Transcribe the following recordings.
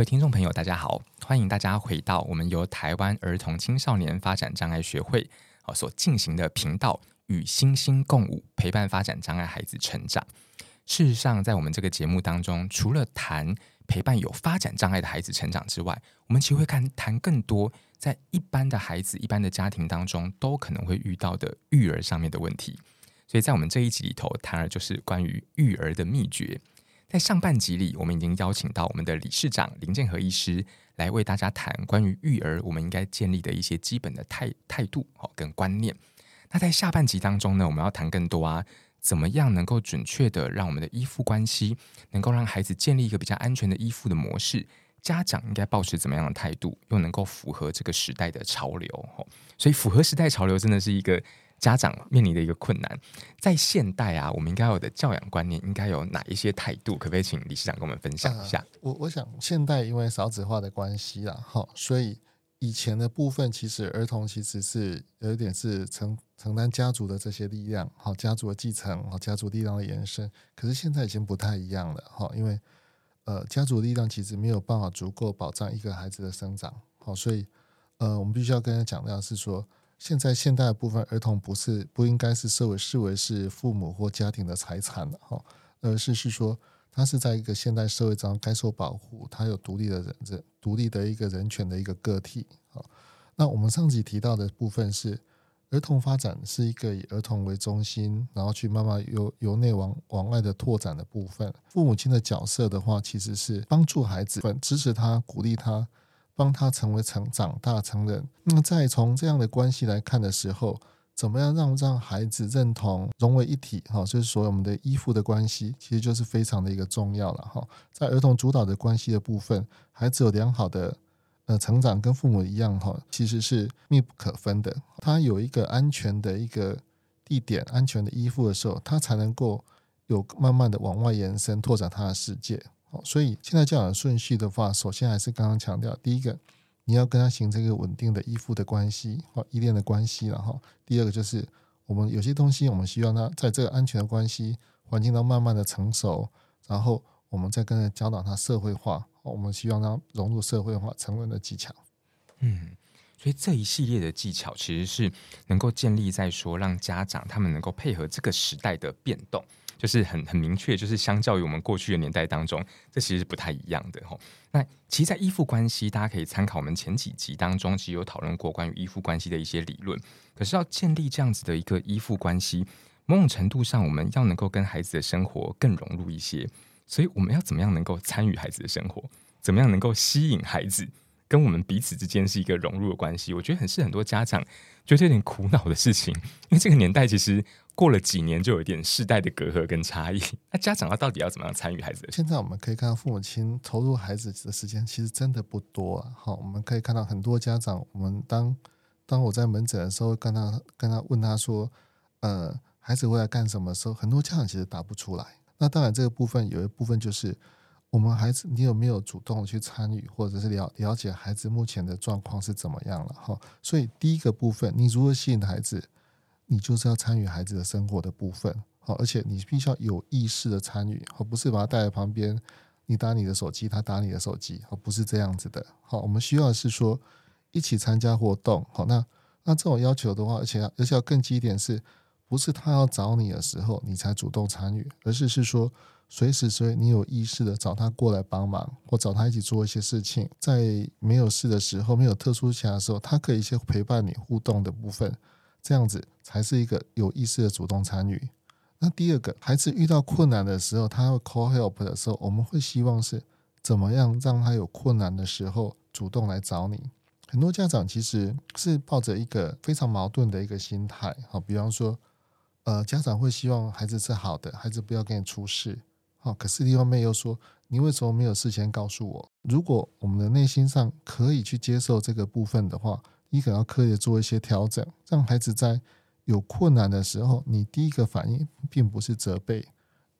各位聽眾朋友，大家好！歡迎大家回到我們由台灣兒童青少年發展障礙學會所進行的頻道《與星星共舞》，陪伴發展障礙孩子成長。事實上，在我們這個節目當中，除了談陪伴有發展障礙的孩子成長之外，我們其實會看談更多在一般的孩子、一般的家庭當中都可能會遇到的育兒上面的問題。所以在我們這一集裡頭，談的就是關於育兒的秘訣。在上半集裡，我們已經邀請到我們的理事長林健禾醫師來為大家談關於育兒，我們應該建立的一些基本的態態度好，跟觀念。那在下半集當中呢，我們要談更多啊，怎麼樣能夠準確的讓我們的依附關係能夠讓孩子建立一個比較安全的依附的模式？家長應該保持怎麼樣的態度？又能夠符合這個時代的潮流？所以符合時代潮流真的是一個。家長面臨的一個困難，在現代啊，我們應該有的教養觀念應該有哪一些態度？可不可以請理事長跟我們分享一下？呃，我我想，現代因為少子化的關係啦，好，所以以前的部分其實兒童其實是有一點是承承擔家族的這些力量，好，家族的繼承，好，家族力量的延伸。可是現在已經不太一樣了，哈。因為呃，家族的力量其實沒有辦法足夠保障一個孩子的生長，好，所以呃，我們必須要跟他講的是說。現在現代的部分，兒童不是不應該是社會視為是父母或家庭的財產哈、哦，而是是說，他是在一個現代社會中該受保護，他有獨立的人質、獨立的一個人權的一個個體。好、哦，那我們上集提到的部分是，兒童發展是一個以兒童為中心，然後去慢慢由由內往往外的拓展的部分。父母親的角色的話，其實是幫助孩子們支持他、鼓勵他。幫他成為成長大成人，那麼再從這樣的關係來看的時候，怎麼樣讓讓孩子認同融為一體？哈、哦，就是說我們的依附的關係，其實就是非常的一個重要了哈、哦。在兒童主導的關係的部分，孩子有良好的呃成長，跟父母一樣哈、哦，其實是密不可分的。他有一個安全的一個地點，安全的依附的時候，他才能夠有慢慢的往外延伸，拓展他的世界。所以現在教養的順序的話，首先還是剛剛強調，第一個，你要跟他形成一個穩定的依附的關係或依戀的關係，然後第二個就是我們有些東西，我們希望他在這個安全的關係環境當中慢慢的成熟，然後我們再跟他教導他社會化，我們希望他融入社會化、成人的技巧。嗯，所以這一系列的技巧其實是能夠建立在說讓家長他們能夠配合這個時代的變動。就是很很明確，就是相較於我們過去的年代當中，這其實不太一樣的吼，那其實，在依附關係，大家可以參考我們前幾集當中，其實有討論過關於依附關係的一些理論。可是，要建立這樣子的一個依附關係，某種程度上，我們要能夠跟孩子的生活更融入一些。所以，我們要怎麼樣能夠參與孩子的生活？怎麼樣能夠吸引孩子？跟我們彼此之間是一個融入的關係，我覺得很是很多家長覺得有點苦惱的事情，因為這個年代其實過了幾年就有點世代的隔閡跟差異。那、啊、家長他到底要怎麼樣參與孩子？現在我們可以看到父母親投入孩子的時間其實真的不多好、哦，我們可以看到很多家長，我們當當我在門診的時候，跟他跟他問他說，呃，孩子回來幹什麼的時候，很多家長其實答不出來。那當然這個部分有一部分就是。我們孩子，你有沒有主動去參與，或者是了了解孩子目前的狀況是怎麼樣了哈？所以第一個部分，你如何吸引孩子，你就是要參與孩子的生活的部分，好，而且你必須要有意識的參與，而不是把他帶在旁邊，你打你的手機，他打你的手機，而不是這樣子的。好，我們需要是說一起參加活動，好，那那這種要求的話，而且而且要更激一點是，是不是他要找你的時候，你才主動參與，而是是說。隨時隨地，你有意識的找他過來幫忙，或找他一起做一些事情。在沒有事的時候，沒有特殊情況的時候，他可以一些陪伴你、互動的部分，這樣子才是一個有意識的主動參與。那第二個，孩子遇到困難的時候，他要 call help 的時候，我們會希望是怎麼樣讓他有困難的時候主動來找你。很多家長其實是抱着一個非常矛盾的一個心態，好，比方說，呃，家長會希望孩子是好的，孩子不要給你出事。好，可是另外一方面又說，你為什麼沒有事先告訴我？如果我們的內心上可以去接受這個部分的話，你可能要刻意做一些調整，讓孩子在有困難的時候，你第一個反應並不是責備，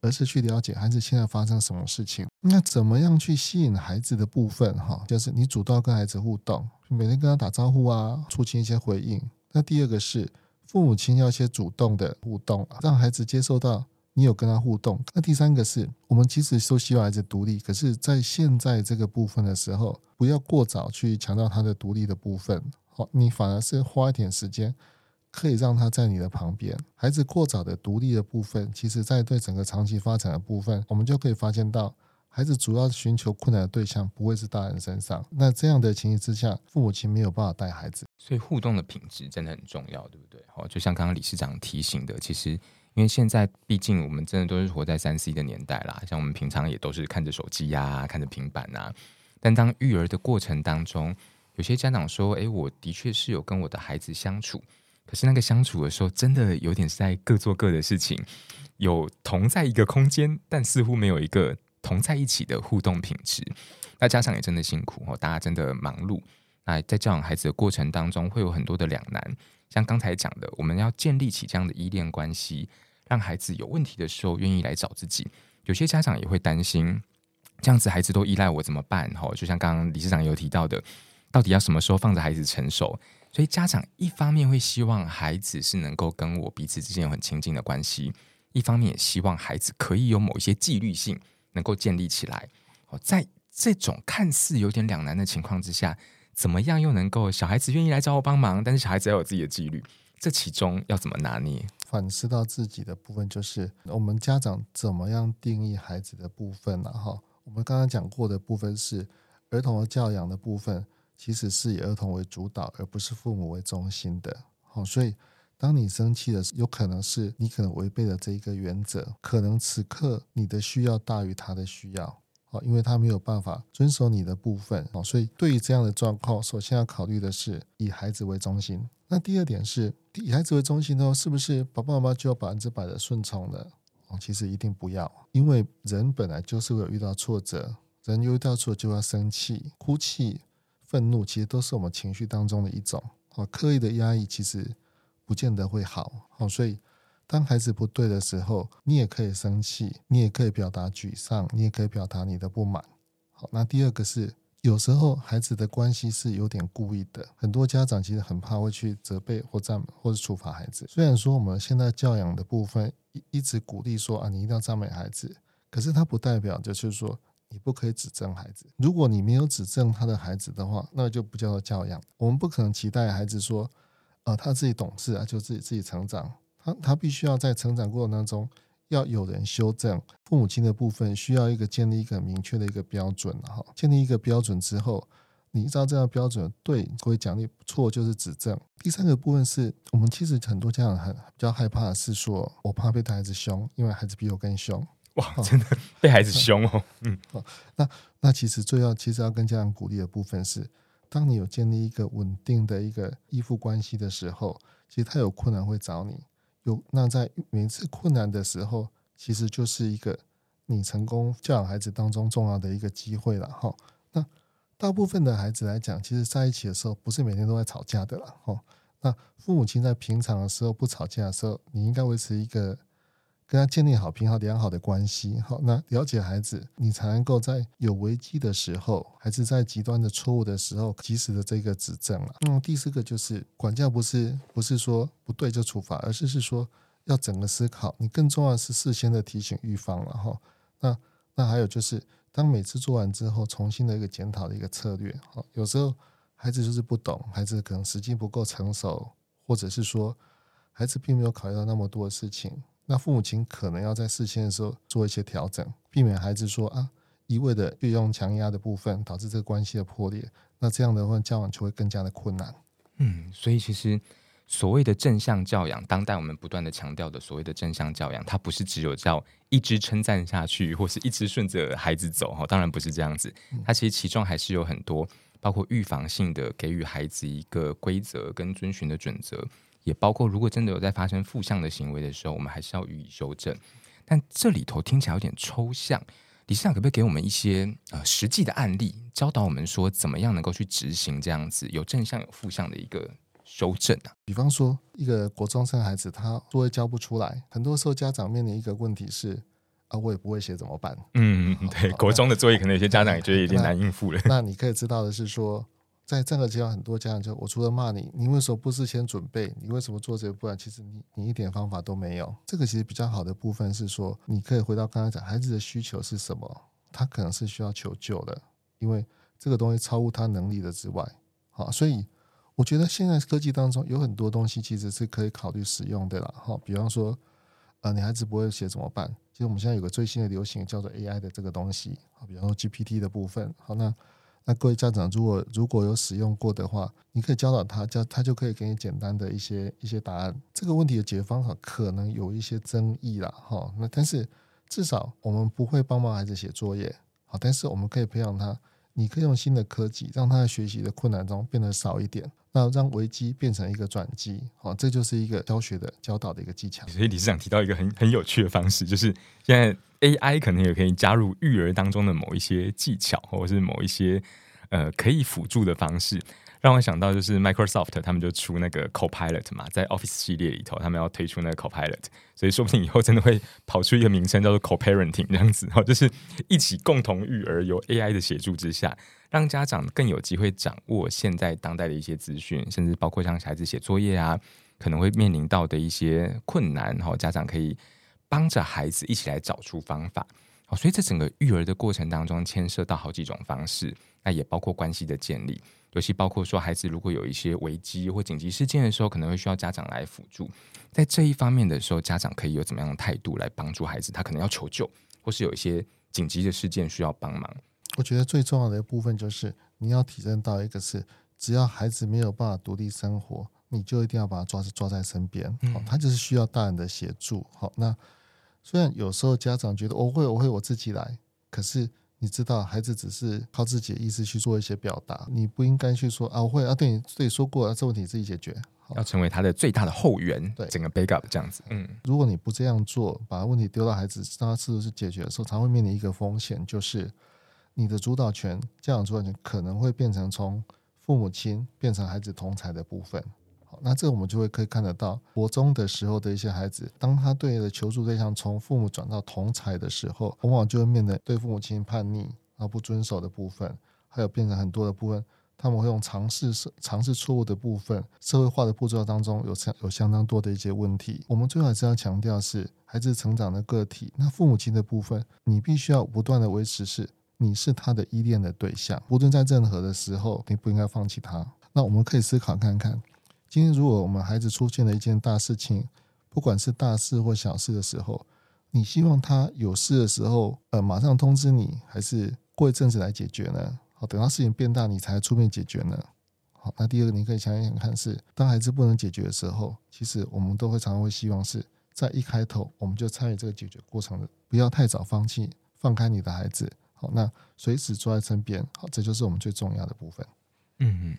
而是去了解孩子現在發生什麼事情。那怎麼樣去吸引孩子的部分？哈，就是你主動跟孩子互動，每天跟他打招呼啊，促進一些回應。那第二個是父母親要一些主動的互動，讓孩子接受到，你有跟他互動。那第三個是我們其實都希望孩子獨立，可是，在現在這個部分的時候，不要過早去強調他的獨立的部分。好，你反而是花一點時間，可以讓他在你的旁邊。孩子過早的獨立的部分，其實，在對整個長期發展的部分，我們就可以發現到，孩子主要尋求困難的對象不會是大人身上。那這樣的情形之下，父母親沒有辦法帶孩子，所以互動的品質真的很重要，對不對？好，就像剛剛理事長提醒的，其實。因為現在畢竟我們真的都是活在三 C 的年代啦，像我們平常也都是看着手機呀、啊，看着平板吶、啊。但當育兒的過程當中，有些家長說：“誒、欸，我的確是有跟我的孩子相處，可是那個相處的時候，真的有點是在各做各的事情，有同在一個空間，但似乎沒有一個同在一起的互動品質。”那家長也真的辛苦哦，大家真的忙碌。那在教養孩子的過程當中，會有很多的兩難，像剛才講的，我們要建立起這樣的依戀關係，讓孩子有問題的時候願意來找自己。有些家長也會擔心，這樣子孩子都依賴我怎麼辦？吼，就像剛剛理事長有提到的，到底要什麼時候放着孩子成熟？所以家長一方面會希望孩子是能夠跟我彼此之間有很親近的關係，一方面也希望孩子可以有某一些紀律性能夠建立起來。吼，在這種看似有點兩難的情況之下。怎麼樣又能夠小孩子願意來找我幫忙？但是小孩子要有自己的紀律，這其中要怎麼拿捏？反思到自己的部分，就是我們家長怎麼樣定義孩子的部分呢？哈，我們剛剛講過的部分是兒童的教養的部分，其實是以兒童為主導，而不是父母為中心的。好，所以當你生氣的時，有可能是你可能違背了這一個原則，可能此刻你的需要大於他的需要。哦，因為他沒有辦法遵守你的部分啊，所以對於這樣的狀況，首先要考慮的是以孩子為中心。那第二點是，以孩子為中心的話，是不是爸爸媽媽就要百分之百的順從呢？其實一定不要，因為人本來就是會有遇到挫折，人遇到挫折就要生氣、哭泣、憤怒，其實都是我們情緒當中的一種。哦，刻意的壓抑其實不見得會好。哦，所以。當孩子不對的時候，你也可以生氣，你也可以表達沮喪，你也可以表達你的不滿。好，那第二個是，有時候孩子的關係是有點故意的。很多家長其實很怕會去責備或讚美或者處罰孩子。雖然說我們現在教養的部分一一直鼓勵說啊，你一定要讚美孩子，可是它不代表就是說你不可以指正孩子。如果你沒有指正他的孩子的話，那就不叫做教養。我們不可能期待孩子說，呃，他自己懂事啊，就自己自己成長。他必須要在成長過程當中要有人修正父母親的部分，需要一個建立一個明確的一個標準哈。建立一個標準之後，你知道這樣的標準對可以獎勵，錯就是指正。第三個部分是我們其實很多家長很比較害怕的是說我怕被他孩子兇，因為孩子比我更兇哇，真的被孩子兇哦、喔。嗯，好，那那其實最要其實要跟家長鼓勵的部分是，當你有建立一個穩定的一個依附關係的時候，其實他有困難會找你。有，那在每次困難的時候，其實就是一個你成功教養孩子當中重要的一個機會了哈。那大部分的孩子來講，其實在一起的時候不是每天都在吵架的了哈。那父母親在平常的時候不吵架的時候，你應該維持一個。跟他建立好，好，平衡良好的關係，好，那了解孩子，你才能夠在有危機的時候，孩子在極端的錯誤的時候，及時的這個指正了、啊。嗯，第四個就是，管教不是不是說不對就處罰，而是是說要整個思考。你更重要的是事先的提醒、預防，然後那那還有就是，當每次做完之後，重新的一個檢討的一個策略。好，有時候孩子就是不懂，孩子可能時機不夠成熟，或者是說孩子並沒有考慮到那麼多的事情。那父母親可能要在事先的時候做一些調整，避免孩子說啊，一味的運用強壓的部分，導致這個關係的破裂。那這樣的話，交往就會更加的困難。嗯，所以其實所謂的正向教養，當代我們不斷的強調的所謂的正向教養，它不是只有叫一直稱讚下去，或是一直順着孩子走哈、哦，當然不是這樣子。嗯、它其實其中還是有很多，包括預防性的給予孩子一個規則跟遵循的準則。也包括，如果真的有在發生負向的行為的時候，我們還是要予以修正。但這裡頭聽起來有點抽象，理事長可不可以給我們一些呃實際的案例，教導我們說怎麼樣能夠去執行這樣子有正向、有負向的一個修正啊？比方說，一個國中生孩子，他作業交不出來，很多時候家長面臨一個問題是啊，我也不會寫怎麼辦？嗯，好對，國中的作業可能有些家長也覺得有點難應付了。那你可以知道的是說。在這個階段，很多家長就我除了罵你，你為什麼不事先準備？你為什麼做這個？不然其實你你一點方法都沒有。這個其實比較好的部分是說，你可以回到剛才講，孩子的需求是什麼？他可能是需要求救的，因為這個東西超乎他能力的之外。好，所以我覺得現在科技當中有很多東西其實是可以考慮使用的啦。好，比方說，啊、呃，你孩子不會寫怎麼辦？其實我們現在有個最新的流行叫做 AI 的這個東西。好，比方說 GPT 的部分。好，那。那各位家長，如果如果有使用過的話，你可以教導他，教他就可以給你簡單的一些一些答案。這個問題的解決方法可能有一些爭議啦，哈。那但是至少我們不會幫忙孩子寫作業，好，但是我們可以培養他，你可以用新的科技，讓他在學習的困難中變得少一點。那讓危機變成一個轉機，好、哦，這就是一個教學的教導的一個技巧。所以理事長提到一個很很有趣的方式，就是現在 AI 可能也可以加入育兒當中的某一些技巧，或者是某一些呃可以輔助的方式。讓我想到就是 Microsoft，他們就出那個 Copilot 嘛，在 Office 系列裡頭，他們要推出那個 Copilot，所以說不定以後真的會跑出一個名稱叫做 Co-parenting 這樣子，然後就是一起共同育兒，有 AI 的協助之下，讓家長更有機會掌握現在當代的一些資訊，甚至包括像小孩子寫作業啊，可能會面臨到的一些困難，然後家長可以幫着孩子一起來找出方法。哦、所以，在整個育兒的過程當中，牽涉到好幾種方式，那也包括關係的建立，尤其包括說，孩子如果有一些危機或緊急事件的時候，可能會需要家長來輔助。在這一方面的時候，家長可以有怎麼樣的態度來幫助孩子？他可能要求救，或是有一些緊急的事件需要幫忙。我覺得最重要的一部分就是，你要體認到一個是，只要孩子沒有辦法獨立生活，你就一定要把他抓抓在身邊。嗯、哦，他就是需要大人的協助。好、哦，那。雖然有時候家長覺得我會我會我自己來，可是你知道，孩子只是靠自己的意識去做一些表達，你不應該去說啊我會啊對你自己說過、啊，這問題自己解決，要成為他的最大的後援，對整個 back up 這樣子。嗯，如果你不這樣做，把問題丟到孩子讓他自己去解決的時候，常會面臨一個風險，就是你的主導權，家長主導權可能會變成從父母親變成孩子同儕的部分。那這我們就會可以看得到，國中的時候的一些孩子，當他對的求助對象從父母轉到同儕的時候，往往就會面臨對父母親叛逆而不遵守的部分，還有變成很多的部分，他們會用嘗試嘗試錯誤的部分，社會化的步驟當中有,有相有相當多的一些問題。我們最後還是要強調的是，是孩子成長的個體，那父母親的部分，你必須要不斷的維持是你是他的依戀的對象，無論在任何的時候，你不應該放棄他。那我們可以思考看看。今天如果我們孩子出現了一件大事情，不管是大事或小事的時候，你希望他有事的時候，呃，馬上通知你，還是過一陣子來解決呢？好，等到事情變大，你才出面解決呢？好，那第二個，你可以想一想看是，是當孩子不能解決的時候，其實我們都會常常會希望是在一開頭我們就參與這個解決過程的，不要太早放棄，放開你的孩子。好，那隨時坐在身邊，好，這就是我們最重要的部分。嗯嗯。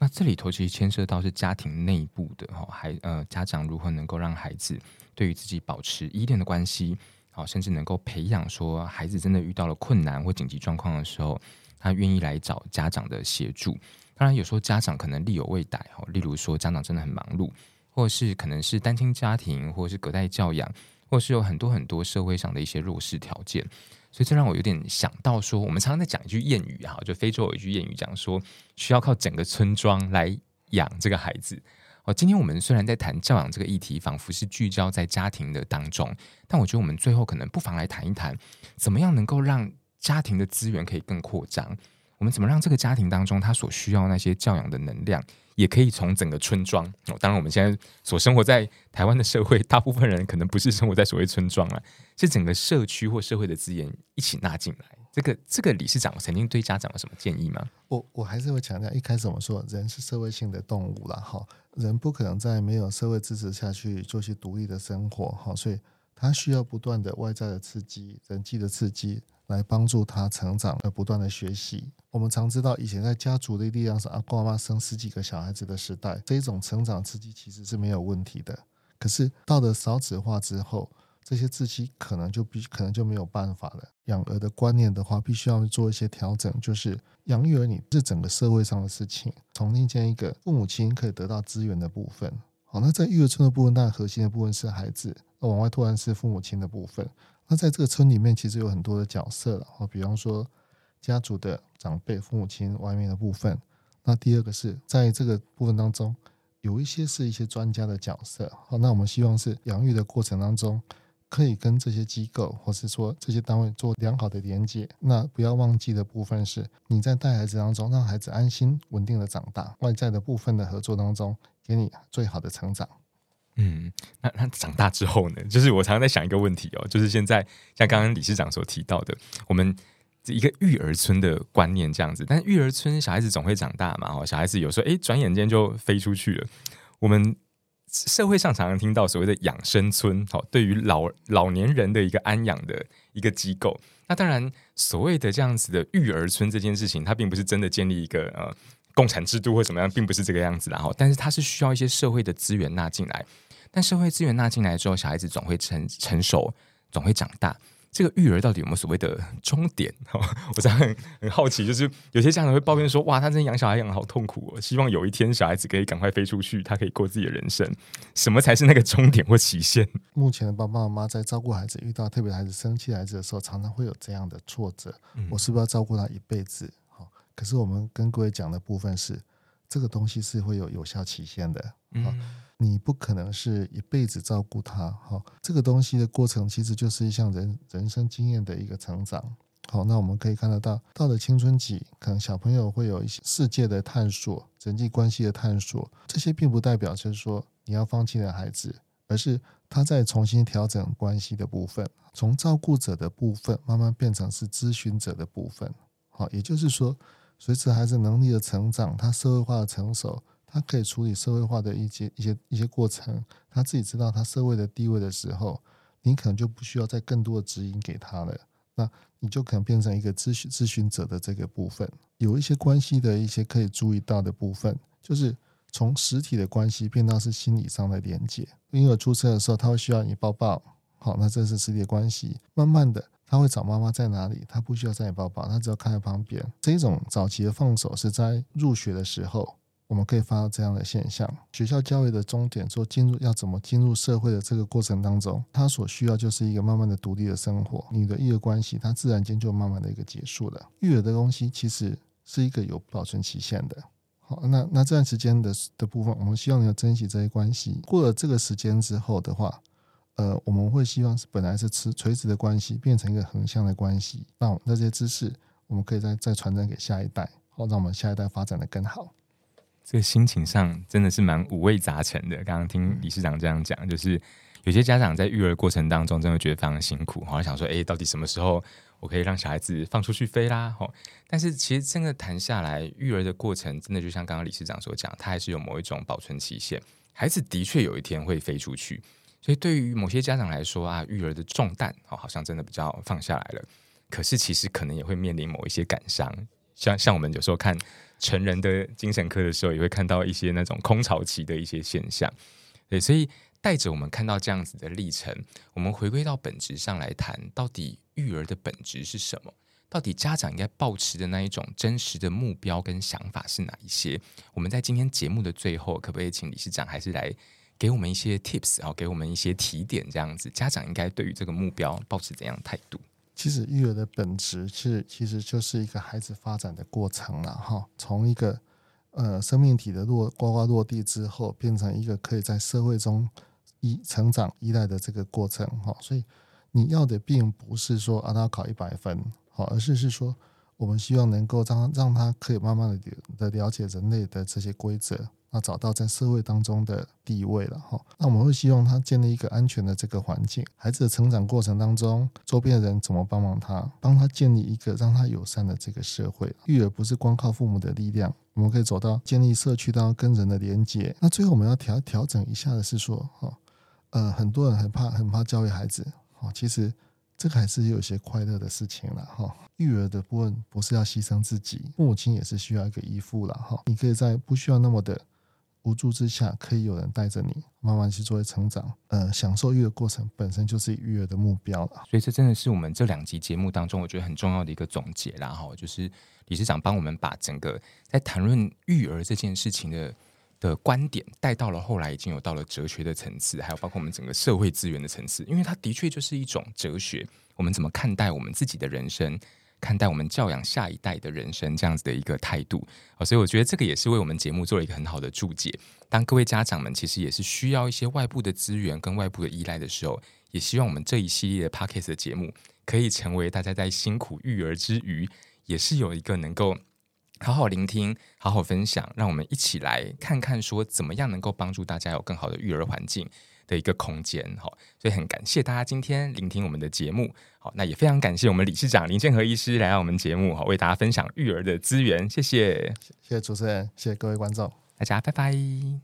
那這裡頭其實牽涉到是家庭內部的哈，孩呃家長如何能夠讓孩子對於自己保持依戀的關係，好，甚至能夠培養說孩子真的遇到了困難或緊急狀況的時候，他願意來找家長的協助。當然有時候家長可能力有未逮哈，例如說家長真的很忙碌，或者是可能是單親家庭，或者是隔代教養，或者是有很多很多社會上的一些弱勢條件。所以這讓我有點想到說，我們常常在講一句諺語哈、啊，就非洲有一句諺語講說，需要靠整個村莊來養這個孩子。哦，今天我們雖然在談教養這個議題，仿佛是聚焦在家庭的當中，但我覺得我們最後可能不妨來談一談，怎麼樣能夠讓家庭的資源可以更擴張。我們怎麼讓這個家庭當中他所需要那些教養的能量，也可以從整個村莊？哦、當然，我們現在所生活在台灣的社會，大部分人可能不是生活在所謂村莊啊。是整個社區或社會的資源一起納進來。這個這個理事長我曾經對家長有什麼建議嗎？我我還是會強調，一開始我們說人是社會性的動物了哈、哦，人不可能在沒有社會支持下去做些獨立的生活哈、哦，所以他需要不斷的外在的刺激、人際的刺激。來幫助他成長，而不斷的學習。我們常知道，以前在家族的力量是阿公阿媽生十幾個小孩子的時代，這一種成長刺激其實是沒有問題的。可是到了少子化之後，這些刺激可能就必可能就沒有辦法了。養兒的觀念的話，必須要做一些調整，就是養育兒，你是整個社會上的事情，重新建一個父母親可以得到資源的部分。好，那在育兒村的部分，但、那個、核心的部分是孩子，那往外拓展是父母親的部分。那在這個村裡面，其實有很多的角色了，比方說家族的長輩、父母親、外面的部分。那第二個是在這個部分當中，有一些是一些專家的角色。好，那我們希望是養育的過程當中，可以跟這些機構或是說這些單位做良好的連接，那不要忘記的部分是，你在帶孩子當中，讓孩子安心、穩定的長大。外在的部分的合作當中，給你最好的成長。嗯，那那長大之後呢？就是我常常在想一個問題哦，就是現在像剛剛理事長所提到的，我們一個育兒村的觀念這樣子，但育兒村小孩子總會長大嘛，哦，小孩子有時候哎，轉眼間就飛出去了。我們社會上常常聽到所謂的養生村，哦，對於老老年人的一個安養的一個機構。那當然，所謂的這樣子的育兒村這件事情，它並不是真的建立一個呃共產制度或怎麼樣，並不是這個樣子，然後，但是它是需要一些社會的資源納進來。但社會資源納進來之後，小孩子總會成成熟，總會長大。這個育兒到底有沒有所謂的終點？哦、我這樣很很好奇，就是有些家長會抱怨說：“哇，他真養小孩養得好痛苦哦！”希望有一天小孩子可以趕快飛出去，他可以過自己的人生。什麼才是那個終點或期限？目前的爸爸媽媽在照顧孩子，遇到特別孩子生氣、孩子的時候，常常會有這樣的挫折。我是不是要照顧他一輩子？好、哦，可是我們跟各位講的部分是，這個東西是會有有效期限的。嗯。哦你不可能是一輩子照顧他，好、哦，這個東西的過程其實就是一項人人生經驗的一個成長，好、哦，那我們可以看得到，到了青春期，可能小朋友會有一些世界的探索、人際關係的探索，這些並不代表就是說你要放棄的孩子，而是他在重新調整關係的部分，從照顧者的部分慢慢變成是諮詢者的部分，好、哦，也就是說，隨着孩子能力的成長，他社會化的成熟。他可以處理社會化的一些、一些、一些過程，他自己知道他社會的地位的時候，你可能就不需要再更多的指引給他了。那你就可能變成一個諮詢、諮詢者的這個部分。有一些關係的一些可以注意到的部分，就是從實體的關係變到是心理上的連接。嬰兒出生的時候，他會需要你抱抱，好，那這是實體的關係。慢慢的，他會找媽媽在哪裡，他不需要在你抱抱，他只要看在旁邊。這種早期的放手是在入學的時候。我們可以發到這樣的現象：學校教育的終點，說進入要怎麼進入社會的這個過程當中，他所需要就是一個慢慢的獨立的生活。你的育兒關係，它自然間就慢慢的一個結束了。育兒的東西其實是一個有保存期限的。好，那那這段時間的的部分，我們希望你要珍惜這些關係。過了這個時間之後的話，呃，我們會希望是本來是持垂直的關係，變成一個橫向的關係。那這些知識，我們可以再再傳承給下一代，好，讓我們下一代發展得更好。這個心情上真的是蠻五味雜陳的。剛剛聽理事長這樣講，就是有些家長在育兒過程當中，真的覺得非常辛苦，好像想說：“欸，到底什麼時候我可以讓小孩子放出去飛啦？”齁，但是其實真的談下來，育兒的過程真的就像剛剛理事長所講，它還是有某一種保存期限。孩子的確有一天會飛出去，所以對於某些家長來說啊，育兒的重擔哦，好像真的比較放下來了。可是其實可能也會面臨某一些感傷，像像我們有時候看。成人的精神科的時候，也會看到一些那種空巢期的一些現象，對，所以帶着我們看到這樣子的歷程，我們回歸到本質上來談，到底育兒的本質是什麼？到底家長應該抱持的那一種真實的目標跟想法是哪一些？我們在今天節目的最後，可不可以請理事長還是來給我們一些 tips 啊，給我們一些提點，這樣子，家長應該對於這個目標抱持怎樣的態度？其實育兒的本質是，其實就是一個孩子發展的過程了哈，從一個呃生命體的落呱呱落地之後，變成一個可以在社會中依成長依賴的這個過程哈，所以你要的並不是說啊他要考一百分好，而是是說我們希望能夠讓讓他可以慢慢的的了解人類的這些規則。那找到在社會當中的地位了哈，那我們會希望他建立一個安全的這個環境。孩子的成長過程當中，周邊的人怎麼幫忙他，幫他建立一個讓他友善的這個社會。育兒不是光靠父母的力量，我們可以走到建立社區當中跟人的連接。那最後我們要調調整一下的是說哈，呃，很多人很怕很怕教育孩子，哈，其實這個還是有一些快樂的事情了哈。育兒的部分不是要犧牲自己，父母親也是需要一個依附了哈。你可以在不需要那麼的。無助之下，可以有人帶着你，慢慢去作為成長。呃，享受育兒的過程本身就是育兒的目標了。所以，這真的是我們這兩集節目當中，我覺得很重要的一個總結啦。然後就是理事長幫我們把整個在談論育兒這件事情的的觀點帶到了後來，已經有到了哲學的層次，還有包括我們整個社會資源的層次。因為它的確就是一種哲學，我們怎麼看待我們自己的人生，看待我們教養下一代的人生這樣子的一個態度啊、哦，所以我覺得這個也是為我們節目做了一個很好的注解。當各位家長們其實也是需要一些外部的資源跟外部的依賴的時候，也希望我們這一系列的 Podcast 的節目可以成為大家在辛苦育兒之餘，也是有一個能夠好好聆聽、好好分享，讓我們一起來看看說怎麼樣能夠幫助大家有更好的育兒環境。的一個空間。好，所以很感謝大家今天聆聽我們的節目。好，那也非常感謝我們理事長林健禾醫師來到我們節目好，為大家分享育兒的資源。謝謝，謝謝主持人，謝謝各位觀眾，大家拜拜。